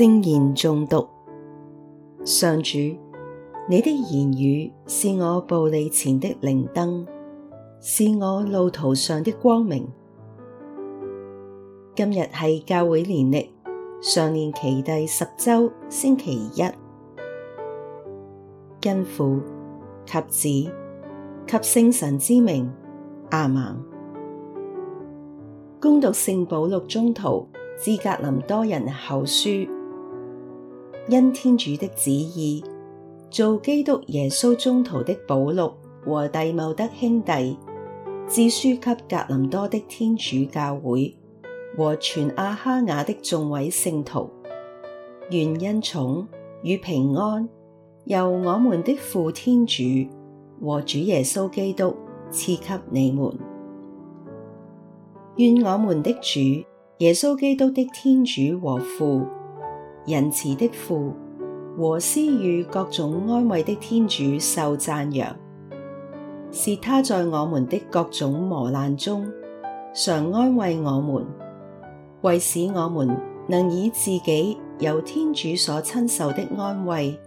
聖言誦讀。上主，你的言語是我步履前的靈燈，是我路途上的光明。今日係教會年曆常年期第十周星期一，因父及子及聖神之名，亞孟。恭讀聖保祿宗徒，致格林多人後書。因天主的旨意，做基督耶穌宗徒的保禄和弟茂德兄弟，致書給格林多的天主教會和全阿哈雅的眾位聖徒，願恩寵與平安由我們的父天主和主耶穌基督賜給你們。願我們的主耶穌基督的天主和父。仁慈的父和施與各種安慰的天主受讚揚，是他在我們的各種磨難中，常安慰我們，為使我們能以自己由天主所親受的安慰，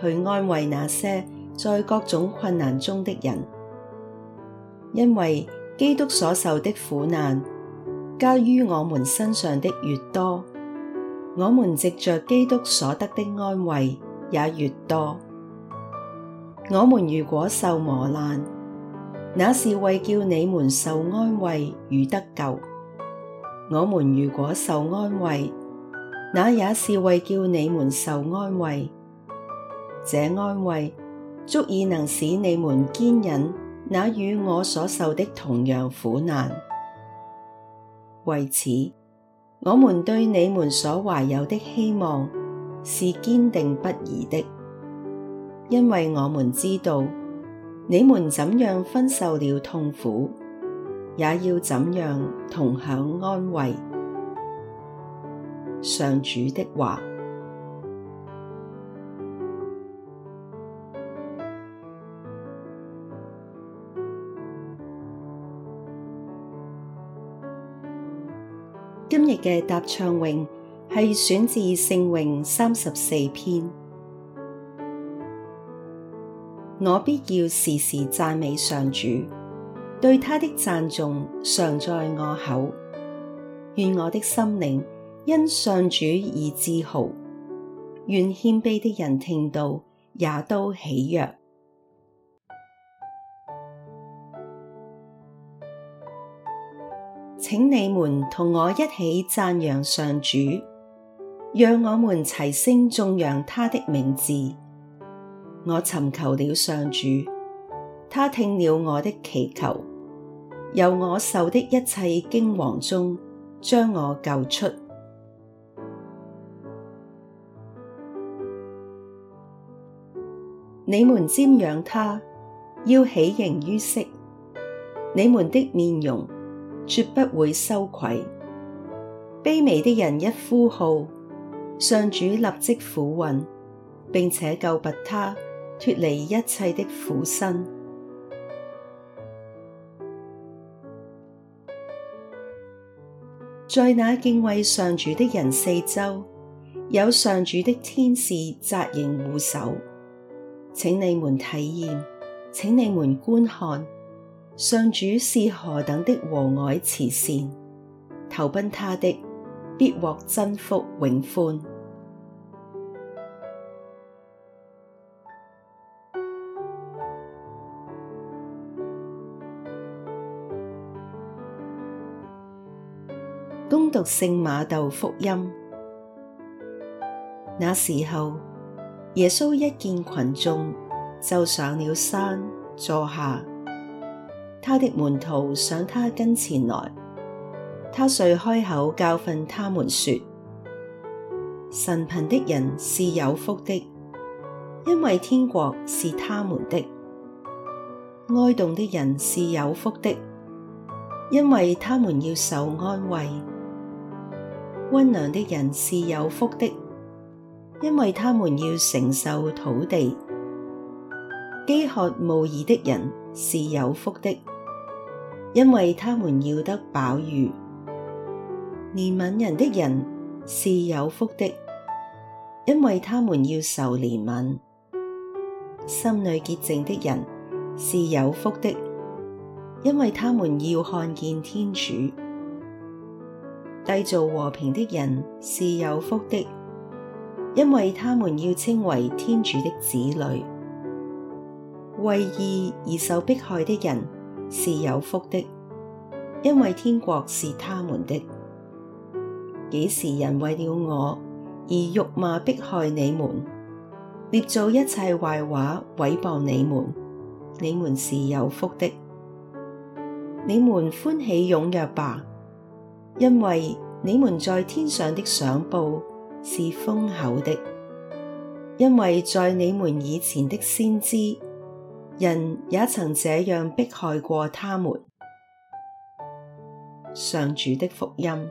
去安慰那些在各種困難中的人，因為基督所受的苦難，加於我們身上的越多。我們藉着基督所得的安慰也越多。我們如果受磨難，那是為叫你們受安慰與得救；我們如果受安慰，那也是為叫你們受安慰。這安慰足以能使你們堅忍，那與我所受的同樣苦難。為此，我們對你們所懷有的希望是堅定不移的，因為我們知道你們怎樣分受了痛苦，也要怎樣同享安慰。上主的話。今日嘅答唱詠係選自聖詠三十四篇。我必要時時讚美上主，對他的讚頌常在我口，願我的心靈因上主而自豪，願謙卑的人聽到也都喜躍。請你們同我一起讚揚上主，讓我們齊聲頌揚他的名字。我尋求了上主，他聽了我的祈求，由我受的一切驚惶中將我救出。你們瞻仰他，要喜形於色，你們的面容，絕不會羞愧。卑微的人一呼號，上主立即俯允，並且救拔他脫離一切的苦辛。 在那敬畏上主的人四周，有上主的天使紮營護守。請你們體驗，請你們觀看。上主是何等的和藹慈善，投奔他的必獲真福永歡。恭讀聖瑪竇福音，那時候耶穌一見群眾，就上了山，坐下。他的門徒上他跟前來，他遂開口教訓他們說：神貧的人是有福的，因為天國是他們的；哀慟的人是有福的，因為他們要受安慰；温良的人是有福的，因為他們要承受土地；飢渴慕義的人是有福的，因為他們要得飽飫；憐憫人的人是有福的，因為他們要受憐憫；心裏潔淨的人是有福的，因為他們要看見天主；締造和平的人是有福的，因為他們要稱為天主的子女。為義而受迫害的人是有福的，因為天國是他們的。幾時人為了我而辱罵迫害你們，捏造一切壞話毀謗你們，你們是有福的。你們歡喜踴躍吧，因為你們在天上的賞報是豐厚的。因為在你們以前的先知。人也曾這樣迫害過他們，上主的福音。